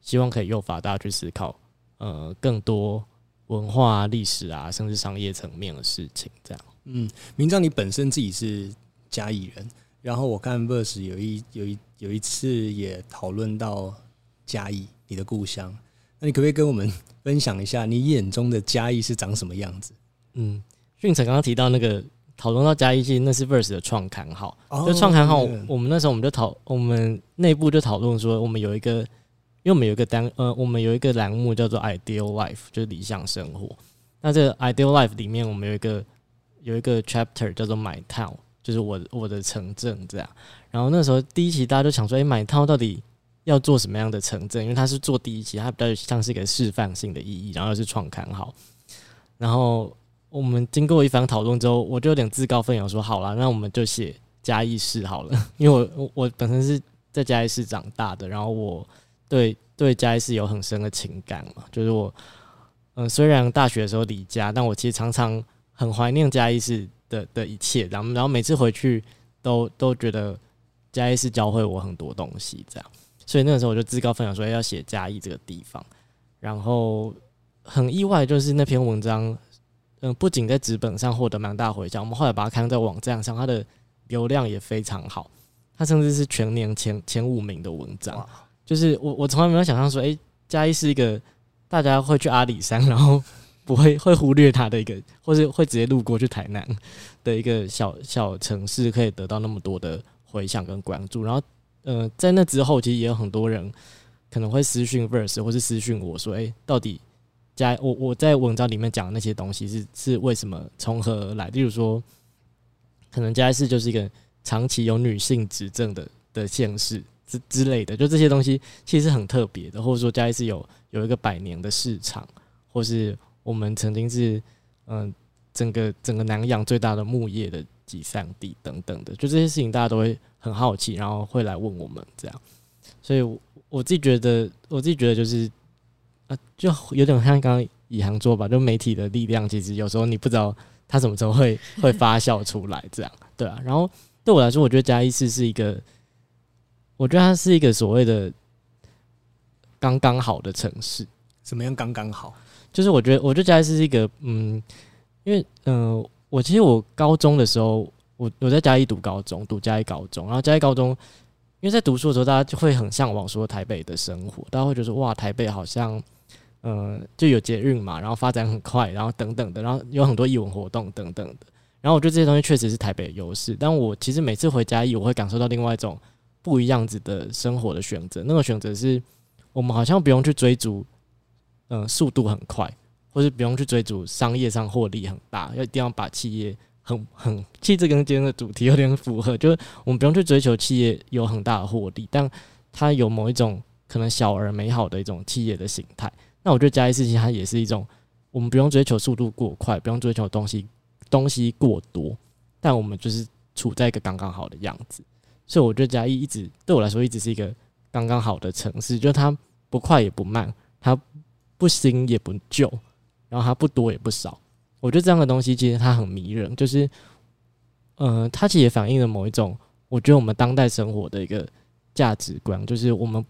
希望可以誘發大家去思考，呃，更多文化啊、歷史啊，甚至商業層面的事情。這樣，嗯，銘彰，你本身自己是嘉義人，然後我看 Verse 有一有一有一次也討論到嘉義，你的故鄉。那你可不可以跟我們分享一下你眼中的嘉義是長什麼樣子？嗯，峻丞剛剛提到那個討論到嘉義其實，那是 Verse 的創刊號。Oh, 就創刊號，yeah. 我們那時候我們就討，我們內部就討論說，我們有一個，因為我們有一個單，呃，我們有一個欄目叫做 Ideal Life，就是理想生活。那這個 Ideal Life 裡面，我們有一個有一個 Chapter 叫做 My Town，就是我我的城鎮這樣。然後那時候第一期，大家都想說，哎、欸、，My Town 到底？要做什麼樣的城鎮？因為它是做第一期，它比較像是一個示範性的意義，然後又是創刊號。然後我們經過一番討論之後，我就有點自告奮勇說：“好啦，那我們就寫嘉義市好了。”因為我我本身是在嘉義市長大的，然後我對對嘉義市有很深的情感嘛，就是我嗯，雖然大學的時候離家，但我其實常常很懷念嘉義市的的一切。然後然後每次回去都都覺得嘉義市教會我很多東西，這樣。所以那個時候我就自告奮勇說要寫嘉義這個地方，然後很意外，就是那篇文章，嗯，不僅在紙本上獲得蠻大回響，我們後來把它刊登在網站上，它的流量也非常好，它甚至是全年前前五名的文章。好就是我我從來沒有想象說，哎、欸，嘉義是一個大家會去阿里山，然後不會會忽略它的一個，或者會直接路過去台南的一個小小城市，可以得到那麼多的回響跟關注，然後。呃，在那之後，其實也有很多人可能會私訊 VERSE，或是私訊我說：“哎、欸，到底嘉義？我在文章裡面講的那些東西是是為什麼？從何而來？例如說，可能嘉義市就是一個長期有女性執政的的縣市之之類的，就這些東西其實是很特別的。或者說，嘉義市有有一個百年的市場，或是我們曾經是嗯、呃、整個整個南洋最大的木業的集散地等等的，就這些事情，大家都會。”很好奇，然後會來問我們這樣，所以我，我自己覺得，我自己覺得就是啊、呃，就有點像剛剛以涵說吧，就媒體的力量，其實有時候你不知道它什麼時候會會發酵出來這樣，對啊。然後對我來說，我覺得嘉義市是一個，我覺得它是一個所謂的剛剛好的城市。什麼樣剛剛好？就是我覺得，我覺得嘉義市是一個，嗯，因為，嗯、呃，我其實我高中的時候。我我在嘉義讀高中，讀嘉義高中，然後嘉義高中，因為在讀書的時候，大家就會很嚮往說台北的生活，大家會覺得說哇，台北好像，嗯、呃，就有捷運嘛，然後發展很快，然後等等的，然後有很多藝文活動等等的，然後我覺得這些東西確實是台北的優勢，但我其實每次回嘉義，我會感受到另外一種不一樣子的生活的選擇，那個選擇是，我們好像不用去追逐，嗯、呃，速度很快，或是不用去追逐商業上獲利很大，要一定要把企業。很很氣質跟今天的主題有點符合，就是我們不用去追求企業有很大的獲利，但它有某一種可能小而美好的一種企業的形態。那我覺得嘉義事情它也是一種，我們不用追求速度過快，不用追求東西東西過多，但我們就是處在一個剛剛好的樣子。所以我覺得嘉義一直對我來說一直是一個剛剛好的城市，就它不快也不慢，它不新也不舊，然後它不多也不少。我覺得這樣的東西其實它很迷人，就是，嗯、呃，它其實也反映了某一種我覺得我們當代生活的一個價值觀，就是我們，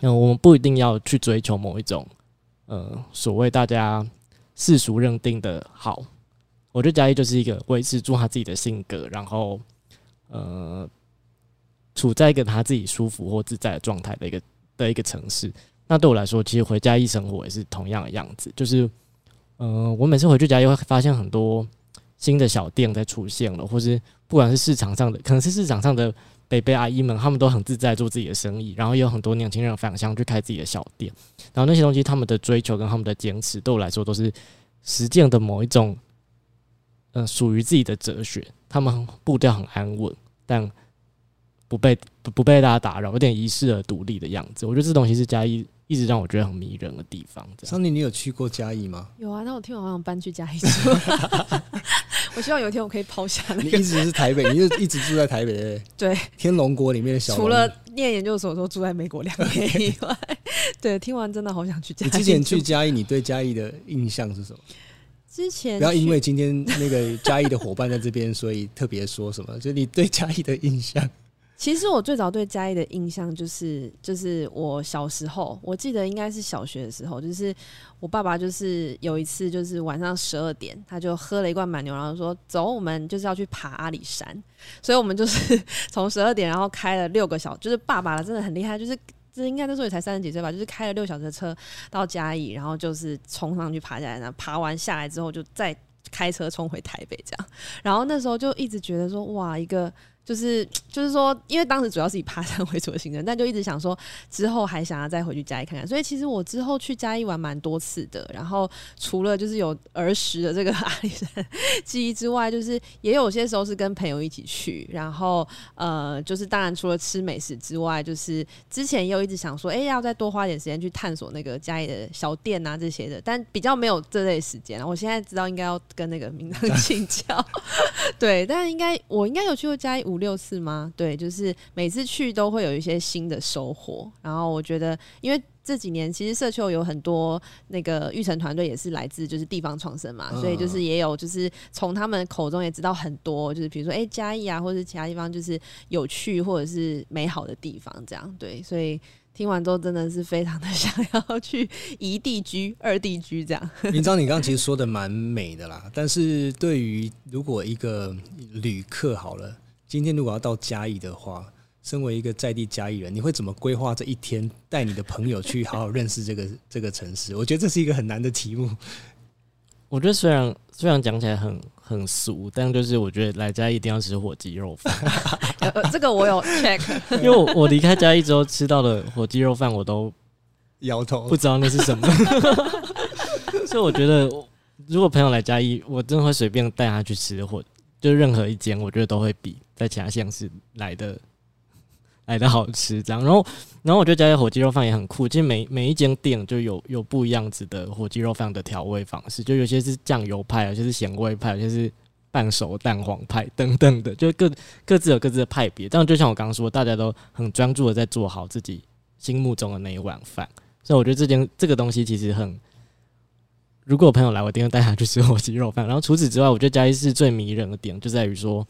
那、呃、我們不一定要去追求某一種，嗯、呃，所謂大家世俗認定的好。我覺得嘉義就是一個維持住他自己的性格，然後，嗯、呃，處在一個他自己舒服或自在的狀態的一個的一個城市。那對我來說，其實回嘉義生活也是同樣的樣子，就是。嗯、呃，我每次回去家也會發現很多新的小店在出現了，或是不管是市場上的，可能是市場上的北北阿姨們，他們都很自在做自己的生意，然後也有很多年輕人返鄉去開自己的小店，然後那些東西他們的追求跟他們的堅持，對我來說都是實踐的某一種，嗯、呃，屬於自己的哲學。他們步調很安穩，但不被不不被大家打擾，有點遺世而獨立的樣子。我覺得這東西是嘉義，一直讓我覺得很迷人的地方。桑尼，你有去過嘉義嗎？有啊，那我聽完我想搬去嘉義住。 我希望有一天我可以拋下。那你一直是台北，你就一直住在台北。 對，天龍國裡面的小。除了念研究所時候住在美國兩年以外， 對，聽完真的好想去嘉義。你之前去嘉義，你對嘉義的印象是什麼？之前不要因為今天那個嘉義的夥伴在這邊，所以特別說什麼。就你對嘉義的印象。其實我最早對嘉義的印象就是，就是我小時候，我記得應該是小學的時候，就是我爸爸就是有一次就是晚上十二點，他就喝了一罐蠻牛，然後說走，我們就是要去爬阿里山，所以我們就是從十二點，然後開了六個小時，就是爸爸真的很厲害，就是這應該那時候也才三十幾歲吧，就是開了六小時的車到嘉義，然後就是衝上去爬下來，然後爬完下來之後就再開車衝回台北這樣，然後那時候就一直覺得說哇一個。就是就是說，因為當時主要是以爬山為主的行程，但就一直想說之後還想要再回去嘉義看看。所以其實我之後去嘉義玩蠻多次的。然後除了就是有兒時的這個阿里山記憶之外，就是也有些時候是跟朋友一起去。然後呃，就是當然除了吃美食之外，就是之前也有一直想說，哎，要再多花點時間去探索那個嘉義的小店啊這些的。但比較沒有這類時間。我現在知道應該要跟那個銘彰請教。 對，但應該我應該有去過嘉義五。五六次嗎？對，就是每次去都會有一些新的收穫。然後我覺得，因為這幾年其實社群有很多那個育成團隊也是來自就是地方創生嘛，嗯、所以就是也有就是從他們口中也知道很多，就是比如說哎、欸、嘉義啊，或者其他地方就是有趣或者是美好的地方這樣。對，所以聽完之後真的是非常的想要去一地居二地居這樣。你知道，你剛剛其實說的蠻美的啦， 但是對於如果一個旅客好了。今天如果要到嘉義的話，身為一個在地嘉義人，你會怎麼規劃這一天，帶你的朋友去好好認識這個這個城市？我覺得這是一個很難的題目。我覺得雖然雖然講起來很很俗，但就是我覺得來嘉義一定要吃火雞肉飯、 呃。這個我有 check，因為我我離開嘉義之後吃到的火雞肉飯，我都搖頭，不知道那是什麼。搖頭 所以我覺得，如果朋友來嘉義，我真的會隨便帶他去吃，或就是任何一間，我覺得都會比。在其他縣市來的，來的好吃這樣。然後，然後我覺得嘉義一些火雞肉飯也很酷。其實每每一間店就有有不一樣子的火雞肉飯的調味方式，就有些是醬油派，有些是鹹味派，有些是半熟蛋黃派等等的，就各各自有各自的派別。這樣就像我剛剛說，大家都很專注的在做好自己心目中的那一碗飯。所以我覺得這間這個東西其實很，如果我朋友來，我一定會帶他去吃火雞肉飯。然後除此之外，我覺得嘉義是最迷人的點，就在於說。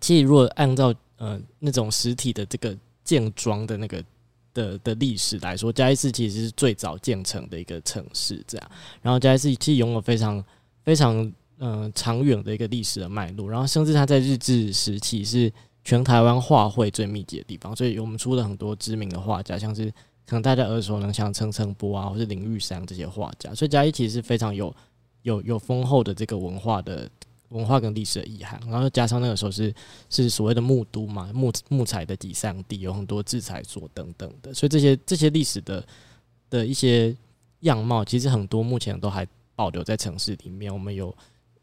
其實，如果按照呃那種實體的這個建莊的那個的的歷史來說，嘉義市其實是最早建成的一個城市，這樣。然後，嘉義市其實擁有非常非常嗯、呃、長遠的一個歷史的脈絡，然後甚至它在日治時期是全台灣畫會最密集的地方，所以我們出了很多知名的畫家，像是可能大家耳熟能詳陳澄波啊，或是林玉山這些畫家，所以嘉義其實是非常有有有豐厚的這個文化的，文化跟歷史的遺憾，然後加上那個時候是是所謂的木都嘛，木木材的集散地，有很多製材所等等的，所以這些這些歷史的的一些樣貌，其實很多目前都還保留在城市裡面。我們有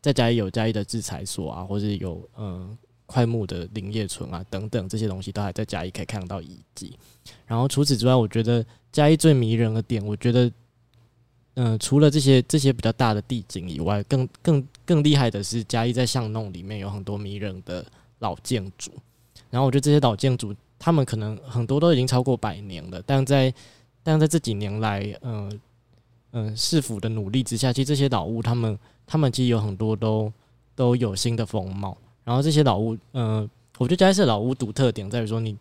在嘉義有嘉義的製材所啊，或是有嗯檜木的林業村啊等等，這些東西都還在嘉義可以看得到遺跡。然後除此之外，我覺得嘉義最迷人的點，我覺得。嗯、呃，除了這些這些比較大的地景以外，更更更厲害的是，嘉義在巷弄裡面有很多迷人的老建築。然後我覺得這些老建築，他們可能很多都已經超過百年了，但在但在這幾年來，嗯、呃、嗯、呃，市府的努力之下，其實這些老屋他們他們其實有很多都都有新的風貌。然後這些老屋，嗯、呃，我覺得嘉義市老屋獨特點在於說你，你、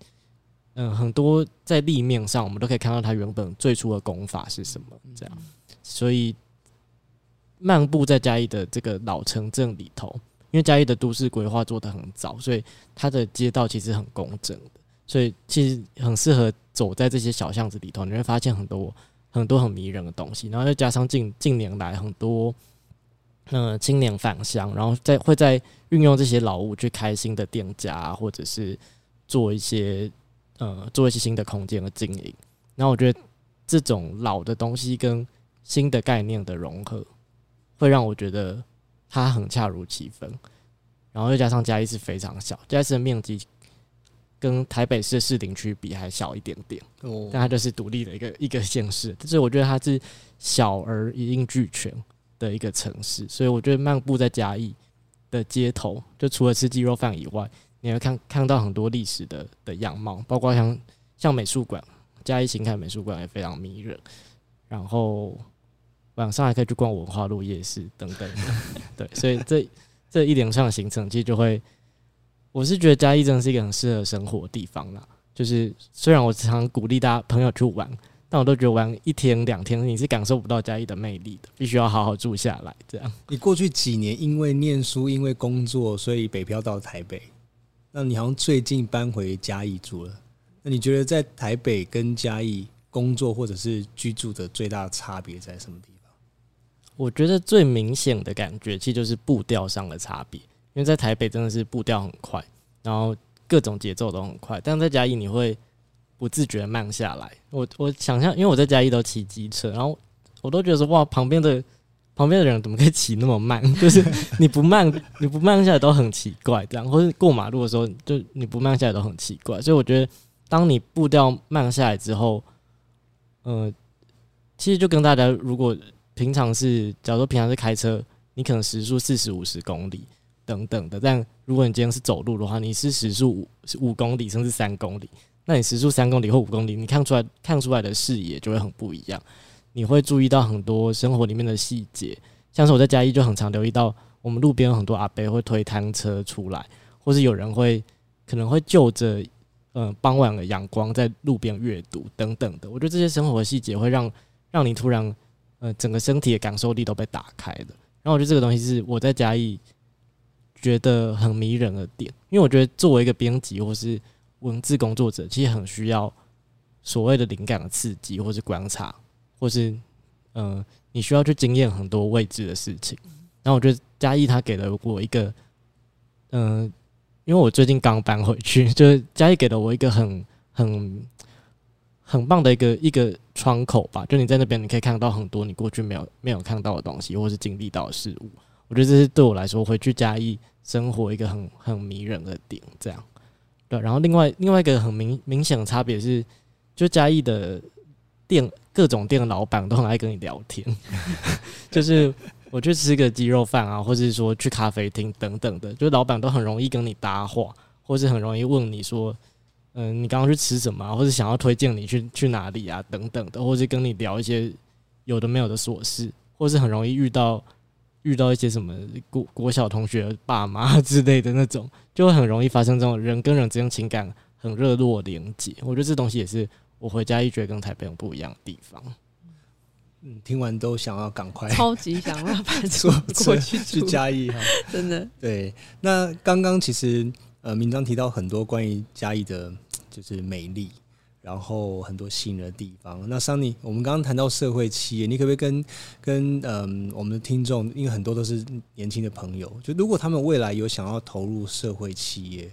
呃、嗯，很多在立面上，我們都可以看到它原本最初的工法是什麼這樣、嗯。所以漫步在嘉義的這個老城鎮裡頭，因為嘉義的都市規劃做得很早，所以它的街道其實很工整的，所以其實很適合走在這些小巷子裡頭，你會發現很多很多很迷人的東西。然後再加上近近年來很多，呃，嗯，青年返鄉，然後再會再運用這些老屋去開新的店家，或者是做一些嗯，呃，做一些新的空間的經營。然後我覺得這種老的東西跟新的概念的融合，會讓我覺得它很恰如其分。然後又加上嘉義市非常小，嘉義的面積跟台北市市領區比還小一點點，哦、但它就是獨立的一個一個縣市。但是我覺得它是小而一應俱全的一個城市。所以我覺得漫步在嘉義的街頭，就除了吃雞肉飯以外，你會看看到很多歷史的的樣貌，包括像像美術館，嘉義新開美術館也非常迷人。然後。晚上還可以去逛文化路夜市等等，對，所以這這一點上的行程其實就會，我是覺得嘉義真的是一個很適合生活的地方啦。就是雖然我常鼓勵大家朋友去玩，但我都覺得玩一天兩天你是感受不到嘉義的魅力的，必須要好好住下來。這樣，你過去幾年因為念書、因為工作，所以北漂到台北，那你好像最近搬回嘉義住了。那你覺得在台北跟嘉義工作或者是居住的最大差別在什麼地方？我覺得最明顯的感覺，其實就是步調上的差別。因為在台北真的是步調很快，然後各種節奏都很快，但在嘉義你會不自覺慢下來。我我想象，因為我在嘉義都騎機車，然後我都覺得說哇，旁邊的旁邊的人怎麼可以騎那麼慢？就是你不慢，你不慢下來都很奇怪。然後是過馬路的時候，就你不慢下來都很奇怪。所以我覺得，當你步調慢下來之後，嗯，其實就跟大家如果。平常是，假如說平常是開車，你可能時速四十五十公里等等的，但如果你今天是走路的話，你是時速五五公里，甚至三公里，那你時速三公里或五公里，你看出來看出來的視野就會很不一樣，你會注意到很多生活裡面的細節，像是我在嘉義就很常留意到，我們路邊有很多阿伯會推攤車出來，或是有人會可能會就着呃傍晚的陽光在路邊閱讀等等的，我覺得這些生活的細節會讓讓你突然。呃，整個身體的感受力都被打開了。然後我覺得這個東西是我在嘉義覺得很迷人的點，因為我覺得作為一個編輯或是文字工作者，其實很需要所謂的靈感的刺激，或是觀察，或是嗯、呃，你需要去經驗很多未知的事情。然後我覺得嘉義他給了我一個、呃，嗯，因為我最近剛搬回去，就是嘉義給了我一個很很很棒的一個一個。窗口吧，就你在那邊，你可以看到很多你過去沒有沒有看到的東西，或是經歷到的事物。我覺得這是對我來說，回去嘉義生活一個很很迷人的點。這樣，對。然後另外另外一個很明明顯的差別是，就嘉義的店，各種店的老闆都很愛跟你聊天。 就是我去吃個雞肉飯啊，或是說去咖啡廳等等的，就老闆都很容易跟你搭話，或是很容易問你說。嗯，你剛剛去吃什麼啊？或是想要推薦你去去哪裡啊？等等的，或是跟你聊一些有的沒有的瑣事，或是很容易遇到遇到一些什麼國國小同學爸媽之類的那種，就會很容易發生這種人跟人之間情感很熱絡的連接。我覺得這東西也是我回家一覺得跟台北有不一樣的地方。嗯，聽完都想要趕快超級想要搬過去 去嘉義哈， 真的。對，那剛剛其實呃，銘彰提到很多關於嘉義的。就是美麗，然後很多吸引的地方。那 Sunny，我們剛剛談到社會企業，你可不可以跟跟嗯，我們的聽眾，因為很多都是年輕的朋友，就如果他們未來有想要投入社會企業，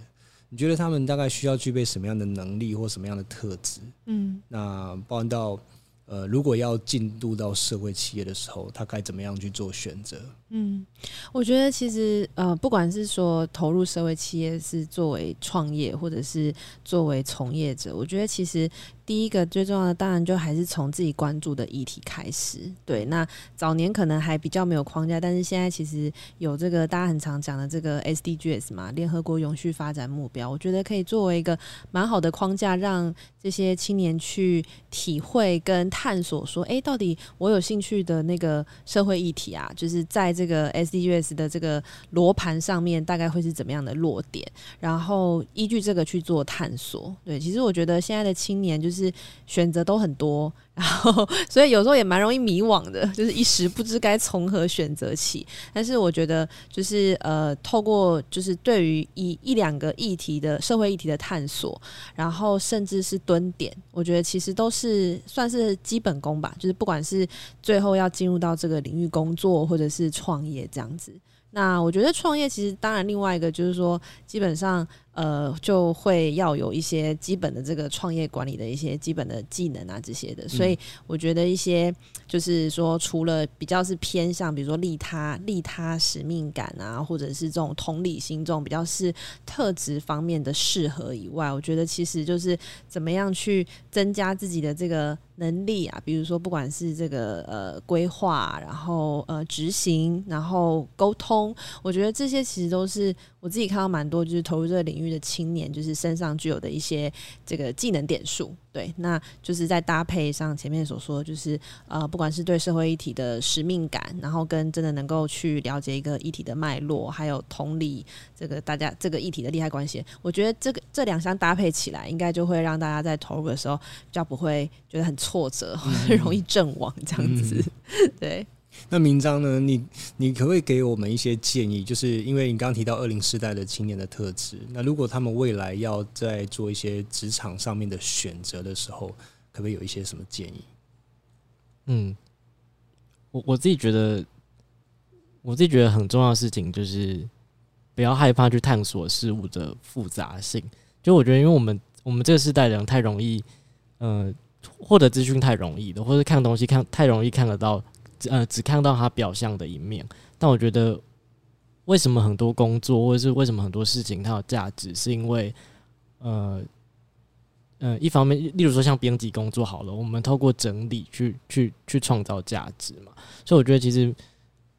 你覺得他們大概需要具備什麼樣的能力或什麼樣的特質？嗯，那包含到。呃，如果要進入到社會企業的時候，他該怎麼樣去做選擇？嗯，我覺得其實呃，不管是說投入社會企業是作為創業，或者是作為從業者，我覺得其實。第一個最重要的，當然就還是從自己關注的議題開始。對，那早年可能還比較沒有框架，但是現在其實有這個大家很常講的這個 SDGs 嘛，聯合國永續發展目標，我覺得可以作為一個蠻好的框架，讓這些青年去體會跟探索，說，哎、欸，到底我有興趣的那個社會議題啊，就是在這個 SDGs 的這個羅盤上面，大概會是怎麼樣的落點，然後依據這個去做探索。對，其實我覺得現在的青年就是。就是選擇都很多，然後所以有時候也蠻容易迷惘的，就是一時不知該從何選擇起。但是我覺得，就是呃，透過就是對於一一兩個議題的社會議題的探索，然後甚至是蹲點，我覺得其實都是算是基本功吧。就是不管是最後要進入到這個領域工作，或者是創業這樣子。那我覺得創業其實當然另外一個就是說，基本上。呃，就會要有一些基本的這個創業管理的一些基本的技能啊，這些的。所以我覺得一些就是說，除了比較是偏向，比如說利他、利他使命感啊，或者是這種同理心這種比較是特質方面的適合以外，我覺得其實就是怎麼樣去增加自己的這個。能力啊，比如說不管是這個呃規劃，然後呃執行，然後溝通，我覺得這些其實都是我自己看到蠻多，就是投入這個領域的青年，就是身上具有的一些這個技能點數。對，那就是在搭配上前面所說，就是呃不管是對社會議題的使命感，然後跟真的能夠去了解一個議題的脈絡，還有同理這個大家這個議題的利害關係，我覺得這個這兩項搭配起來，應該就會讓大家在投入的時候，比較不會覺得很。挫折、容易陣亡，這樣子。嗯、對，那銘彰呢？你你可不可以給我們一些建議？就是因為你剛剛提到二零世代的青年的特質，那如果他們未來要在做一些職場上面的選擇的時候，可不可以有一些什麼建議？嗯，我我自己覺得，我自己覺得很重要的事情就是不要害怕去探索事物的複雜性。就我覺得，因為我們我們這個世代的人太容易，嗯、呃。獲得資訊太容易的，或者看東西看太容易看得到，呃，只看到它表象的一面。但我覺得，為什麼很多工作，或者是為什麼很多事情它有價值，是因為呃，呃，一方面，例如說像編輯工作好了，我們透過整理去去去創造價值嘛。所以我覺得其實，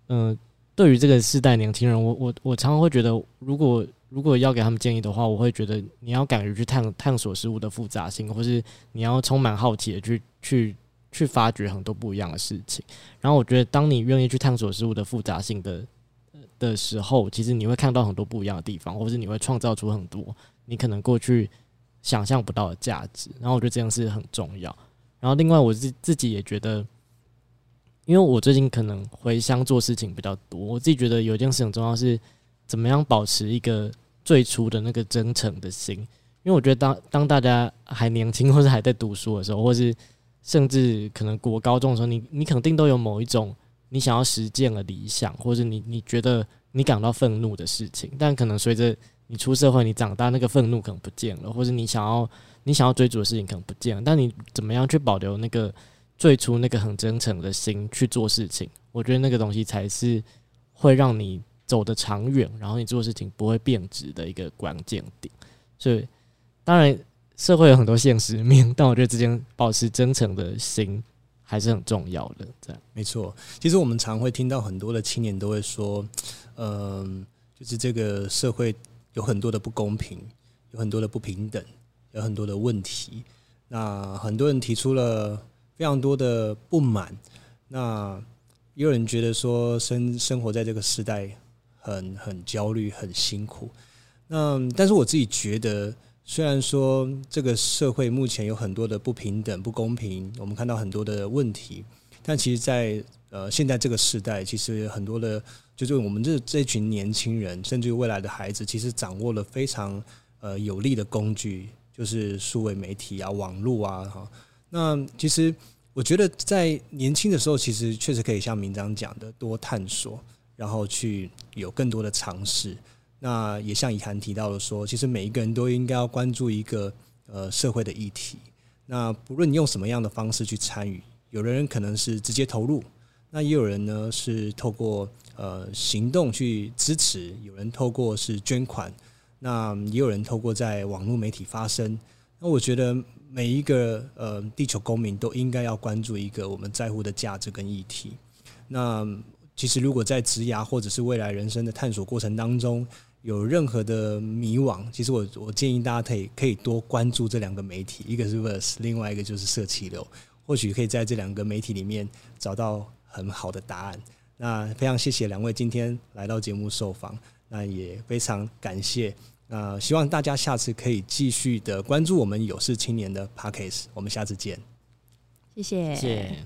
嗯、呃，對於這個世代年輕人，我我我常常會覺得，如果如果要給他們建議的話，我會覺得你要敢於去探探索事物的複雜性，或是你要充滿好奇的去去去發掘很多不一樣的事情。然後我覺得，當你願意去探索事物的複雜性的的時候，其實你會看到很多不一樣的地方，或是你會創造出很多你可能過去想象不到的價值。然後我覺得這件事很重要。然後另外，我自自己也覺得，因為我最近可能回鄉做事情比較多，我自己覺得有一件事情很重要是怎麼樣保持一個。最初的那個真誠的心，因為我覺得當當大家還年輕，或者還在讀書的時候，或是甚至可能國高中的時候你，你你肯定都有某一種你想要實踐的理想或是，或者你你覺得你感到憤怒的事情。但可能隨着你出社會，你長大，那個憤怒可能不見了，或者你想要你想要追逐的事情可能不見了。但你怎麼樣去保留那個最初那個很真誠的心去做事情？我覺得那個東西才是會讓你。走得長遠，然後你做事情不會變質的一個關鍵點。所以，當然社會有很多現實面，但我覺得之間保持真誠的心還是很重要的。這樣沒錯。其實我們常會聽到很多的青年都會說，嗯、呃，就是這個社會有很多的不公平，有很多的不平等，有很多的問題。那很多人提出了非常多的不滿。那也有人覺得說，生生活在這個時代。很很焦慮，很辛苦。那但是我自己覺得，雖然說這個社會目前有很多的不平等、不公平，我們看到很多的問題，但其實在，在呃現在這個時代，其實很多的，就是我們這這群年輕人，甚至於未來的孩子，其實掌握了非常呃有利的工具，就是數位媒體啊、網絡啊，哈。那其實我覺得，在年輕的時候，其實確實可以像銘彰講的，多探索。然後去有更多的嘗試。那也像以涵提到的說，其實每一個人都應該要關注一個呃社會的議題。那不論你用什麼樣的方式去參與，有的人可能是直接投入，那也有人呢是透過呃行動去支持，有人透過是捐款，那也有人透過在網絡媒體發聲。那我覺得每一個呃地球公民都應該要關注一個我們在乎的價值跟議題。那其實，如果在職涯或者是未來人生的探索過程當中有任何的迷惘，其實我我建議大家可以可以多關注這兩個媒體，一個是 Verse，另外一個就是社企流，或許可以在這兩個媒體裡面找到很好的答案。那非常謝謝兩位今天來到節目受訪，那也非常感謝。那希望大家下次可以繼續的關注我們有事青年的 Podcast，我們下次見。謝謝。